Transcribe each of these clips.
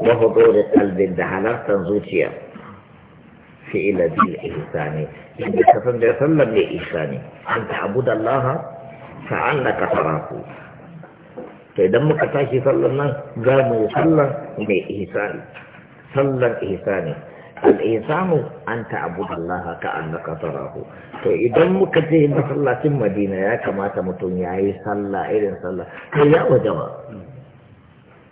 wa hudurul qalbi da halartar zuciya fi bil ihsani inda ka san da sallar da ihsani an ta'budu Allah fa'annaka tarahu to idan muka tashi sallar nan za mu yi sallar mai ihsani sallar ihsani al'isanu an ta'abudu Allah ka annaka tarahu to idan muka je masallacin Madina ya kamata mutum yi sallah irin sallah kai ya wajaba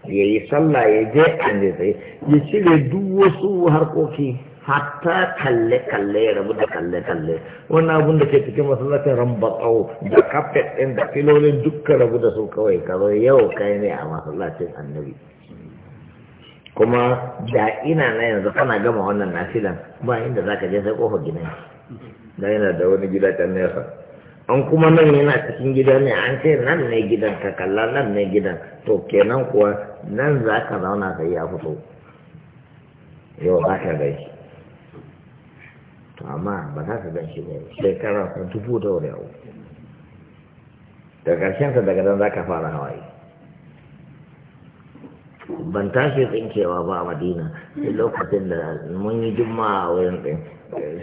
ya yi sallah ya je an je ya cire duk wasu harkoki hatta kalle-kalle ya rabu da kalle-kalle wannan abun da ke cikin masallacin rambatsau da kafet ɗin da filolin dukkan rabu da su kawai karo yau kai ne a masallacin annabi kuma da ina na yanzu kana gama wannan nasilan ba inda za ka je sai kofar gidan da yana da wani gida can nesa an kuma nan yana cikin gida ne an ce nan ne gidan ka kalla nan ne gidan to kenan kuwa nan za ka zauna ka a fito yau ba ka gan shi to amma ba za ka gan shi ne shekara sun tufu da wani abu da ƙarshen ka daga nan za ka fara hawaii ban tashi tsinkewa ba a madina sai lokacin da mun yi juma'a a wurin ɗin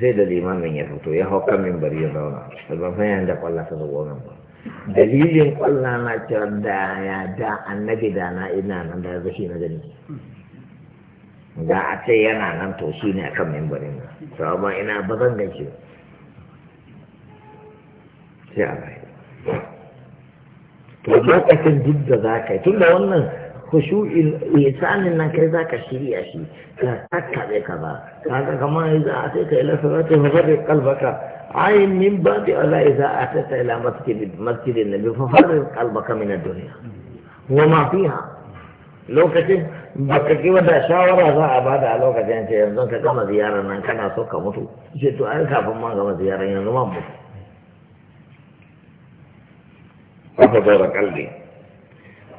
sai da limamin ya fito ya hau kan mimbar ya zauna ban san yanda kwalla ta zo wannan ba dalilin kwalla na cewa da ya da annabi da na ina nan da ya zashi na gani da a ce yana nan to shi ne a kan mimbarin nan sabon ina ba zan gaishe sai a bai to lokacin duk da za ka yi tun da wannan khushu'il ihsanin eh, nan kai zaka shirya shi ka takkabe ka ba kaga kama yanzu a sai ka ila salati fa fadi qalbaka ai min babi ala idza atata ila masjid masjid nabi fa fadi qalbaka min ad-dunya wa ma fiha lokacin baka ki da shawara za a bada a lokacin ce yanzu ka gama ziyarar nan kana so ka mutu ce to ai kafin ma gama ziyarar yanzu ma mutu fa fadi qalbi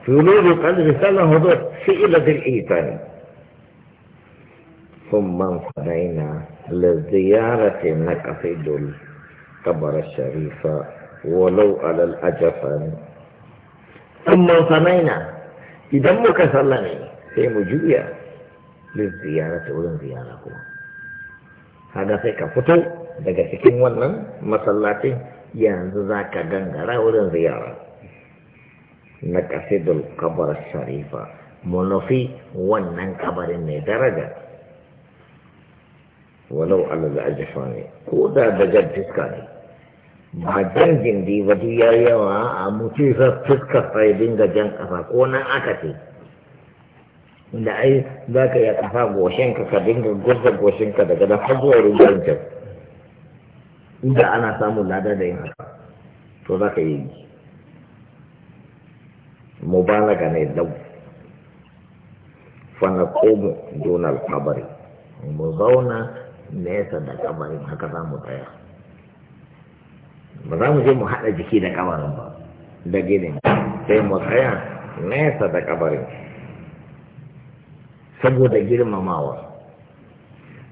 يريد هدوء في إلى بالإيتان ثم انصرينا لزيارة نقصد القبر الشريف ولو على الأجفان ثم انصرينا إذا مكسلني في مجوية للزيارة ولن زيارة هذا فيك فتو daga cikin wannan masallacin yanzu za ka gangara wurin ziyara na kasidul kabar sharifa nufi wannan kabarin mai daraja walau alal ajifa ne ko da daga fiska ne ba jan jindi ba duk ya yawa a mutu sa fiska sai dinga jan kasa ko nan aka ce da ai za ka iya kasa goshinka ka dinga gurza goshinka daga da fagowar zuwa rubar inda ana samun lada da yin haka to za ka yi mubalaga ne fana fanakomu donar kabari mu zauna nesa da kabarin haka za mu tsaya ba za mu je mu haɗa jiki da kabarin ba da ginin sai mu tsaya nesa da kabarin saboda girmamawa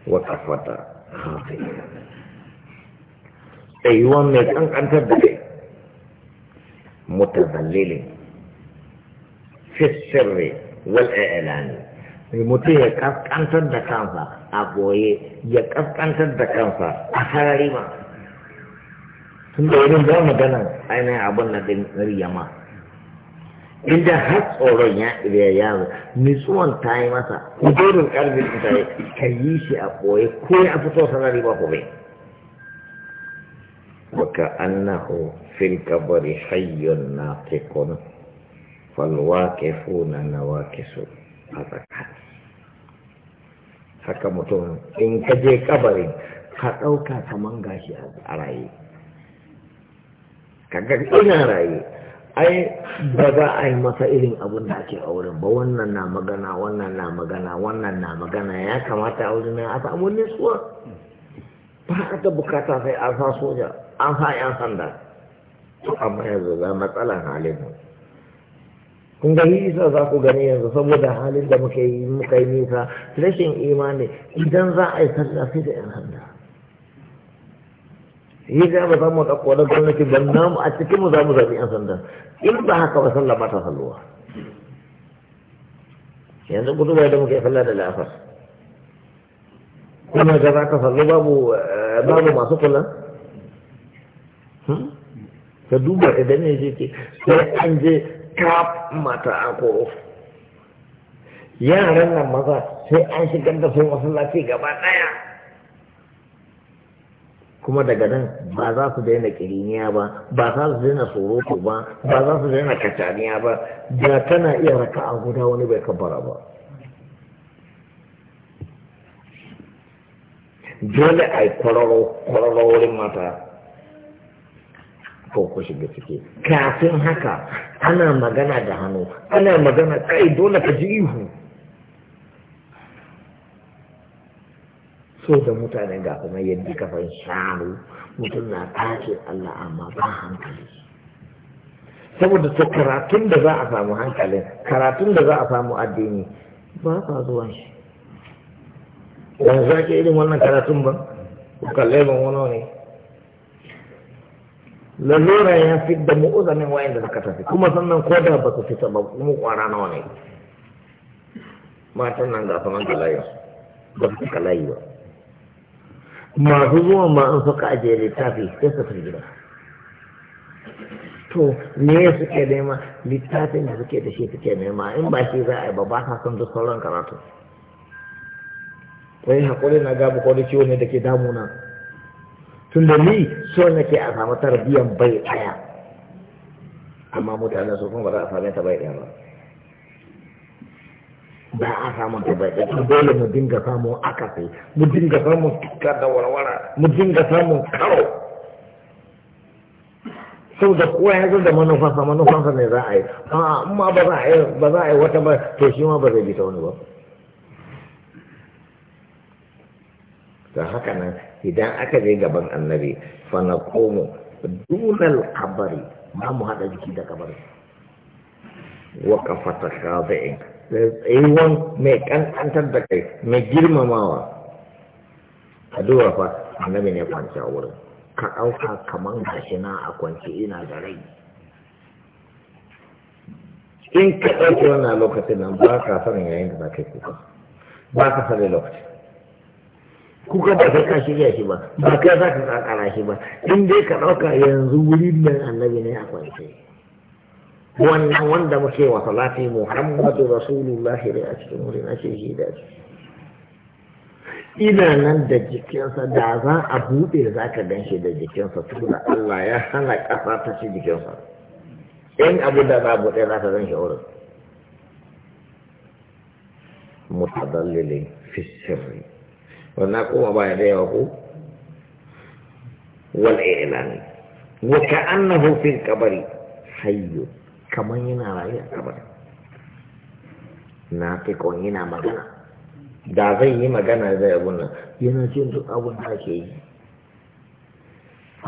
wa tsafata hafi tsayuwan mai kankantar da kai mutazallilin في السر والإعلان متي يكف أنت الدكان فا أبوي يكف أنت الدكان فا أخاري ما ثم يرين دو مدنا أين أبونا دين ريما إنجا حس أورو يا إرياياو نسوان تاي ماسا كدير القلب الإنسان كييشي أبوي كوي أفتو سنالي بحبي وكأنه في الكبر حي ناطق falwakifuna na wakisu a tsakani haka mutum in ka je kabarin ka ɗauka kaman gashi a raye ka ga ina raye ai ba za a yi masa irin abun da ake auren ba wannan na magana wannan na magana wannan na magana ya kamata a wurin a samu nesuwa ba a ta bukata sai an sa soja an sa 'yan sanda amma yanzu za matsalan halin ga yi isa za ku gani yanzu saboda halin da muka yi muka yi nisa rashin imani idan za a yi sallah sai da yan sanda yi za mu samu da kodar gwamnati ban mu a cikin mu za mu zaɓi yan sanda in ba haka ba sallah ba ta salluwa yanzu gudu bai da muka yi sallah da la'afar kuma ga za ka sallu babu eh, masu kula hmm? ka duba idan ne ke sai an je kaf mata ako yaran nan maza sai an shigar da su masallaci gaba daya kuma daga nan ba za su daina kiriniya ba ba za su daina surutu ba ba za su daina kacaniya ba da tana iya raka a guda wani bai kabbara ba dole a yi kwararo kwararo wurin mata ko ku shiga ciki kafin haka ana magana da hannu ana magana kai dole ka ji ihu so da mutane ga kuma yadda kafan shanu mutum na tashin Allah amma ba hankali saboda to karatun da za a samu hankalin karatun da za a samu addini ba ka zuwa shi yanzu ake irin wannan karatun ba ku kalle ban wani ne lalura ya fi da mu'uzamin wayan da suka tafi kuma sannan ko da ba su fita ba mu kwara nawa ne matan nan ga saman kalayi ba su kalayi ba masu zuwa ma an suka ajiye littafi sai su fi gida to me suke nema littafin da suke da shi suke nema in ba shi za a yi ba ba sa son duk sauran karatu wani haƙuri na gabu ko da ciwo ne da ke damuna tun da ni so nake a samu tarbiyyar bai daya amma mutane su kuma ba za a samu ta bai daya ba ba a samu ta bai ɗaya dole mu dinga samun akasi mu dinga samun tuka da warwara mu dinga samun karo sau da kowa ya zo da manufansa manufansa ne za a yi amma ba za a yi ba za a yi wata ba to shi ma ba zai bi ta wani ba ta haka nan idan aka je gaban annabi fa na komo dunal kabari ba mu haɗa jiki da kabari wakafata shafi'in tsayuwan mai ƙanƙantar da kai mai girmamawa a fa annabi ne kwanci a wurin ka ɗauka kamar gashi na a kwanci ina da rai in ka ɗauki wannan lokacin nan ba ka sanin yayin da za ka yi kuka ba ka sanin lokacin kuka ba sai ka shirya shi ba ba kai za ka kakara shi ba in dai ka ɗauka yanzu wurin nan annabi ne a kwance wannan wanda muke wa salati muhammadu rasulullahi ne a cikin wurin ake shi da shi ina nan da jikinsa da za a buɗe za ka dan shi da jikinsa da Allah ya hana ƙasa ta ci jikinsa in abu da za a buɗe za ka gan shi wurin mutadallilin fi sirri wannan kuma ba da yawa ko wal alan wa ka'annahu fil qabri hayyu kaman yana rayuwa a kabari na tikon yana magana da zai yi magana zai abun nan yana jin duk abun da ake yi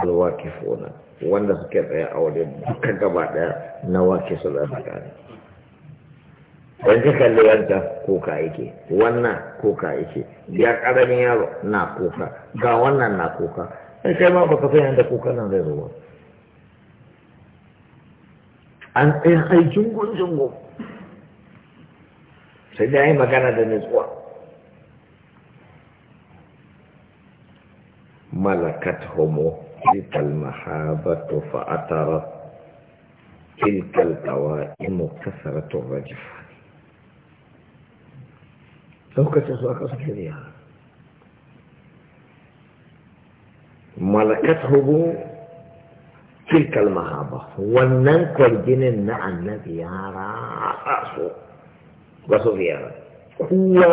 alwakifuna wanda suke tsaye a wajen duka gaba daya na wakisu da tsakani don ka kalli yadda kuka yake wannan kuka yake ya karamin yaro na kuka ga wannan na kuka sai kai ma baka san yadda kuka nan zai zo an tsaye ai jungun jungun sai da yi magana da nutsuwa malakat homo تلك المحابة فأترت تلك القوائم kasaratu الرجفان lokacin su aka suke riya malakat hubu kirkal mahaba wannan kwarginin na annabi ya ratsa su ba su fiye kuwa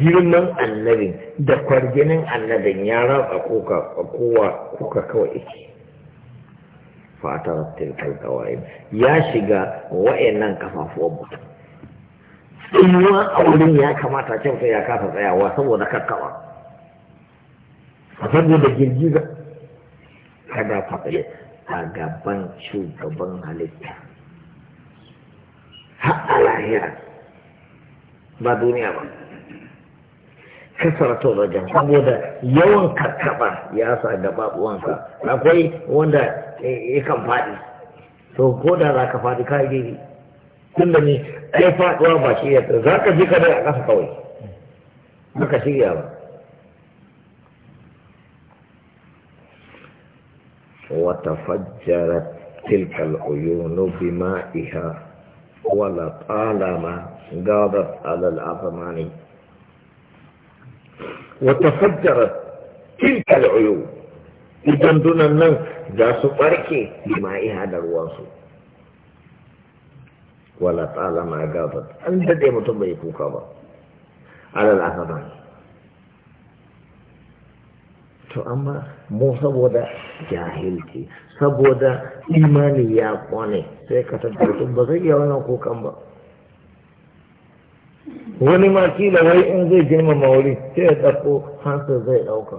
girman annabin da kwarginin annabin ya ratsa kowa kuka kawai yake fatar tilkal kawai ya shiga wa'annan kafafuwan mutum tsayuwa a wurin ya kamata kyauta ya kasa tsayawa saboda kakkawa saboda girgiza kada faɗi a gaban shugaban halitta a lahira ba duniya ba kasar tsoron saboda yawan kakaba ya sa gaba uwansa akwai wanda ya kan faɗi to ko da za ka faɗi ka gini tun da ne ai faɗuwa ba shi ذاك za ka ji kadai a ƙasa kawai وتفجرت تلك العيون بمائها ولطالما غابت على الأضمان وتفجرت تلك العيون إذا دون النوم جاسو بركي بمائها درواسو wala tsala ma gabat an daɗe mutum bai kuka ba alal asaban to amma mu saboda jahilci saboda imani ya kone sai ka mutum ba zai iya wannan kukan ba wani ma kila wai in zai girmama wuri sai ya ɗauko hansa zai ɗauka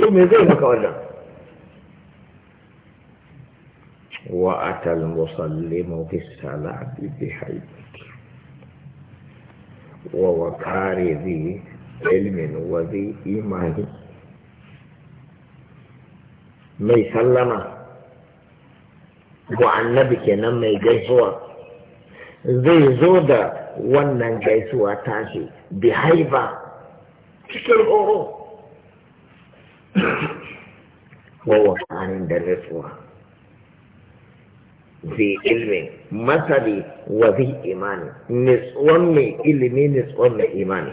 to me zai maka wannan وأتى المسلم في الصلاة بحيث ووقار ذي علم وذي إيمان mai sallama wa annabi kenan mai gaisuwa zai zo da wannan gaisuwa tashi bi haiba cikin oro wa da rasuwa ذي علم مثلي وذي إيمان نسوان من علمي mai من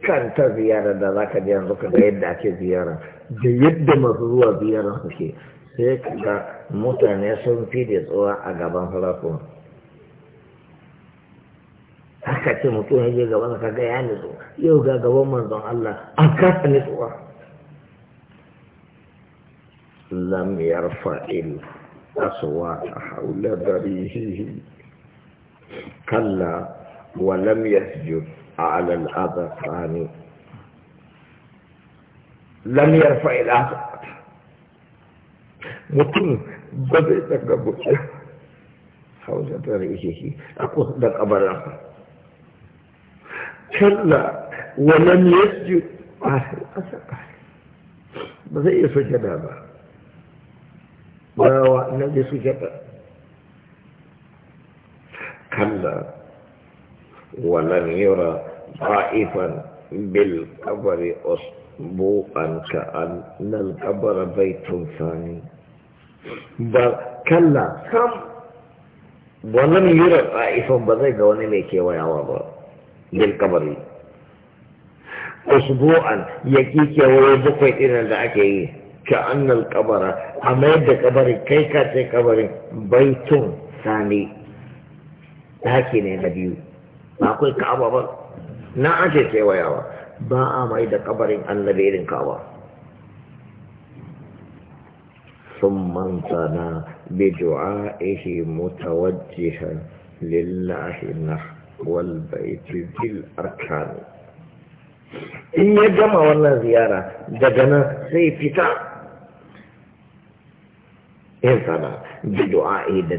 Kan ta ziyara da za ka je yanzu ka ga yadda ake ziyara da yadda masu zuwa ziyara suke sai ka ga mutane sun fi da tsuwa a gaban sarakuna haka ce mutum ya je gaban ka ga ya nutsu yau ga gaban manzon Allah an kasa nutsuwa لم يرفع الأصوات حول ذريه كلا ولم يسجد على الأذقان لم يرفع الأصوات متن بدأت قبل حول ذريه أقول لك أبرا كلا ولم يسجد على الأذقان بدأ يسجد هذا bawa annabi kalla walan yura da'ifan bil qabri ba sam yura ba zai ga wani mai kewayawa ba bil usbu'an yaki kewaye bakwai ɗinan da ake yi ka annal kabara a mai da kabarin kai ka ce kabarin baitun sani daki ne na biyu ba kai ka'aba ba na ake kewayawa ba a mai da kabarin annabi irin kawa sun manta na bijuwa ihi mutawajjihan lillahi na walbaiti bil arkani in ya gama wannan ziyara daga nan sai fita sana da du'a'i da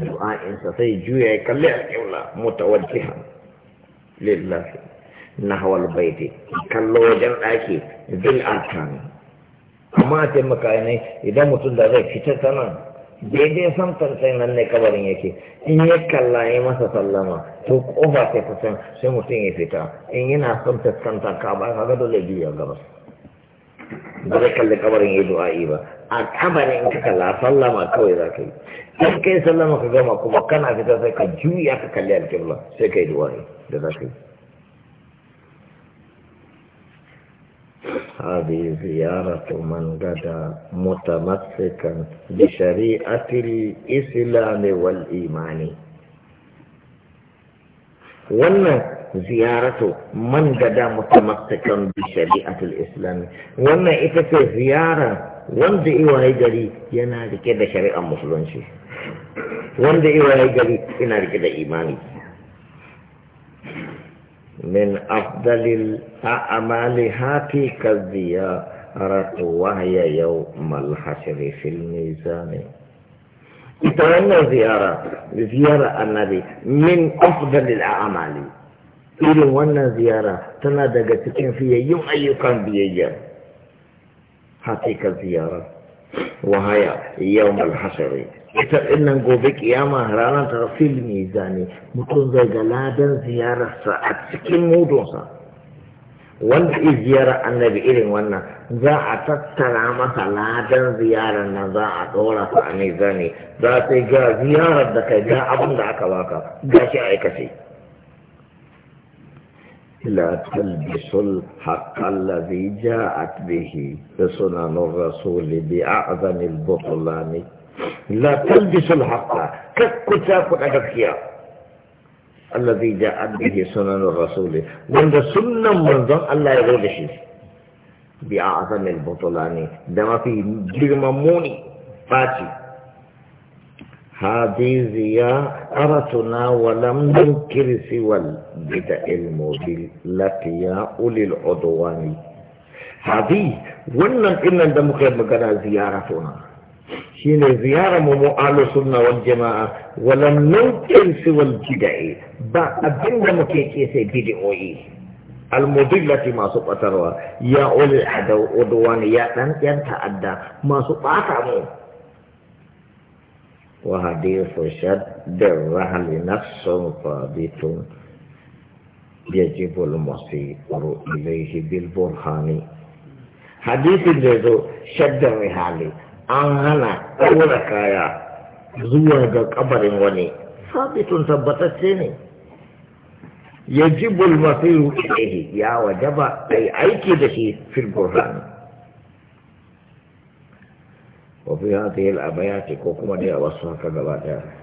sa sai juya ya kalli a ƙaula mutawajjihan lillahi na hawal baiti kallo wajen ɗaki bil arkan amma ta taimaka ne idan mutum da zai fita ta nan daidai samtar sai nan ne kabarin yake in ya kalla ya masa sallama to kofa sai kusan sai mutum ya fita in yana son fuskanta ka ba ka ga dole juya gabas ba zai kalli kabarin yi du'a'i ba a kabarin in ka kalla sallama kawai za ka yi in kai sallama ka gama kuma kana fita sai ka juya ka kalli alkibla sai ka yi du'a'i da za ka yi هذه زيارة من غدا متمسكا بشريعة الإسلام والإيمان wannan زيارة من قد متمسكا بشريعة الإسلام وما إتت زيارة وند إيوه يقلي ينادي كده شريعة مسلمشي وند إيوه يقلي ينادي كده إيماني من أفضل الأعمال هاتي كالزيارة وهي يوم الحشر في الميزان يتعلم زيارة زيارة النبي من أفضل الأعمال irin wannan ziyara tana daga cikin fiyayyun ayyukan biyayya hakikar ziyara wahaya yau alhashari ita ɗinnan gobe kiyama ranar tarfil mai zane mutum zai ga ladan ziyararsa a cikin mudunsa wanda yi ziyara annabi irin wannan za a tattara masa ladan ziyarar nan za a ɗora ta a mai zane za ta ga ziyarar da kai ga abin da aka baka ga shi aikace لا تلبسوا الحق الذي جاءت به سنن الرسول بأعظم البطلان لا تلبسوا الحق ككتاب الأكفياء الذي جاءت به سنن الرسول من سنة منظم الله يغير شيء بأعظم البطلان دم في جرم موني فاتي هذه زيارتنا ولم ننكر سوى البدع المضلة أولي العدوان هذه wannan ɗinnan da muka magana ziyara suna shi ne ziyara mu mu'alu sunna wal jama'a walam nunkin siwal bid'a'i ba abin da muke ke sai bid'o'i almudillati masu batarwa ya ulil adawani ya dan yan ta'adda masu bata mu وحديث شد الرحل نفس ثابت يجب المصير إليه بالبرهان حديث الذي شد الرحل an hana ɗaura kaya zuwa ga kabarin wani sabitun tabbatacce ne ya ji ya wajaba a yi aiki da shi fil wafi hankali abin yake ko kuma dai a wasu haka gaba daya